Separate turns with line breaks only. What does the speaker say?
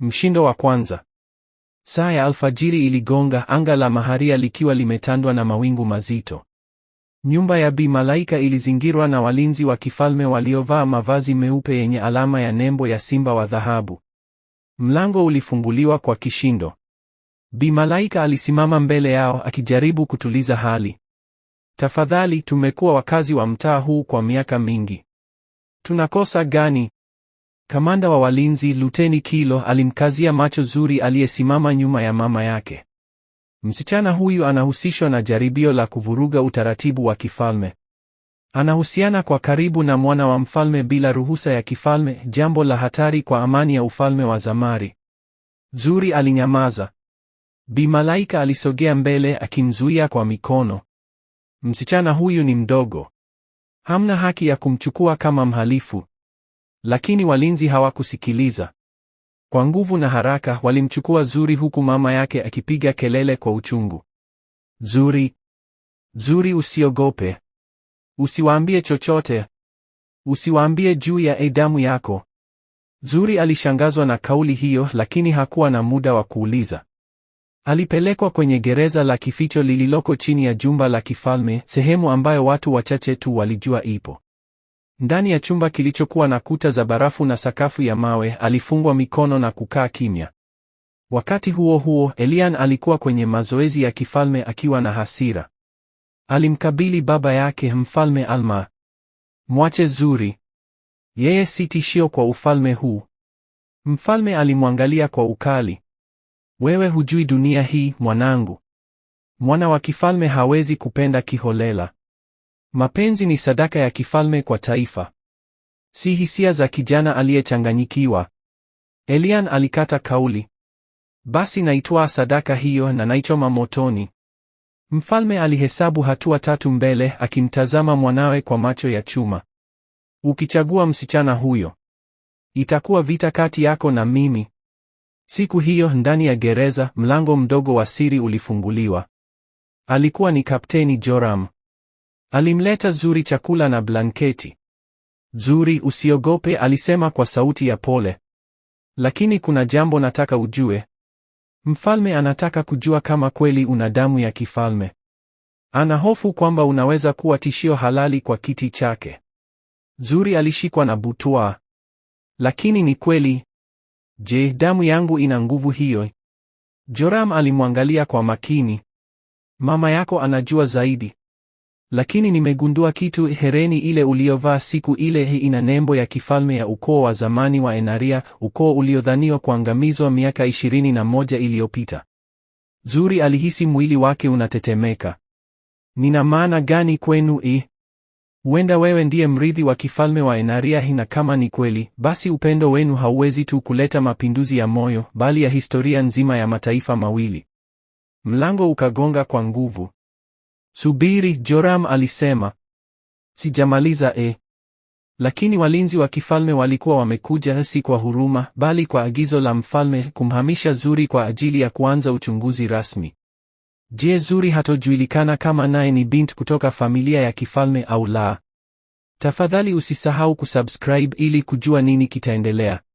Mshindo wa kwanza. Saa ya alfajiri iligonga, anga la maharia likiwa limetandwa na mawingu mazito. Nyumba ya Bi Malaika ilizingirwa na walinzi wa kifalme waliovaa mavazi meupe yenye alama ya nembo ya simba wa dhahabu. Mlango ulifunguliwa kwa kishindo. Bi Malaika alisimama mbele yao akijaribu kutuliza hali. Tafadhali, tumekuwa wakazi wa mtaa huu kwa miaka mingi. Tunakosa gani? Kamanda wa walinzi Luteni Kilo alimkazia macho Zuri aliyesimama nyuma ya mama yake. Msichana huyu anahusishwa na jaribio la kuvuruga utaratibu wa kifalme. Anahusiana kwa karibu na mwana wa mfalme bila ruhusa ya kifalme, jambo la hatari kwa amani ya ufalme wa Zamari. Zuri alinyamaza. Bi Malaika alisogea mbele akimzuia kwa mikono. Msichana huyu ni mdogo. Hamna haki ya kumchukua kama mhalifu. Lakini walinzi hawakusikiliza. Kwa nguvu na haraka walimchukua Zuri huku mama yake akipiga kelele kwa uchungu. Zuri, Zuri usiogope. Usiwaambie chochote. Usiwaambie juu ya Edamu eh, yako. Zuri alishangazwa na kauli hiyo lakini hakuwa na muda wa kuuliza. Alipelekwa kwenye gereza la kificho lililoko chini ya jumba la kifalme, sehemu ambayo watu wachache tu walijua ipo. Ndani ya chumba kilichokuwa na kuta za barafu na sakafu ya mawe, alifungwa mikono na kukaa kimya. Wakati huo huo, Elian alikuwa kwenye mazoezi ya kifalme akiwa na hasira. Alimkabili baba yake Mfalme Alma. Mwache Zuri. Yeye si tishio kwa ufalme huu. Mfalme alimwangalia kwa ukali. Wewe hujui dunia hii, mwanangu. Mwana wa kifalme hawezi kupenda kiholela. Mapenzi ni sadaka ya kifalme kwa taifa, si hisia za kijana aliyechanganyikiwa. Elian alikata kauli. Basi naitwaa sadaka hiyo na naichoma motoni. Mfalme alihesabu hatua tatu mbele, akimtazama mwanawe kwa macho ya chuma. Ukichagua msichana huyo, itakuwa vita kati yako na mimi. Siku hiyo ndani ya gereza, mlango mdogo wa siri ulifunguliwa. Alikuwa ni Kapteni Joram. Alimleta Zuri chakula na blanketi. Zuri, usiogope, alisema kwa sauti ya pole. Lakini kuna jambo nataka ujue. Mfalme anataka kujua kama kweli una damu ya kifalme. Anahofu kwamba unaweza kuwa tishio halali kwa kiti chake. Zuri alishikwa na butwaa. Lakini ni kweli? Je, damu yangu ina nguvu hiyo? Joram alimwangalia kwa makini. Mama yako anajua zaidi. Lakini nimegundua kitu, hereni ile uliyovaa siku ile ina nembo ya kifalme ya ukoo wa zamani wa Enaria, ukoo uliodhaniwa kuangamizwa miaka ishirini na moja iliyopita. Zuri alihisi mwili wake unatetemeka. Nina maana gani kwenu i? Huenda wewe ndiye mrithi wa kifalme wa Enaria hina. Kama ni kweli, basi upendo wenu hauwezi tu kuleta mapinduzi ya moyo, bali ya historia nzima ya mataifa mawili. Mlango ukagonga kwa nguvu. Subiri, Joram alisema. Sijamaliza e. Lakini walinzi wa kifalme walikuwa wamekuja si kwa huruma, bali kwa agizo la mfalme kumhamisha Zuri kwa ajili ya kuanza uchunguzi rasmi. Je, Zuri hatojulikana kama naye ni bint kutoka familia ya kifalme au la? Tafadhali usisahau kusubscribe ili kujua nini kitaendelea.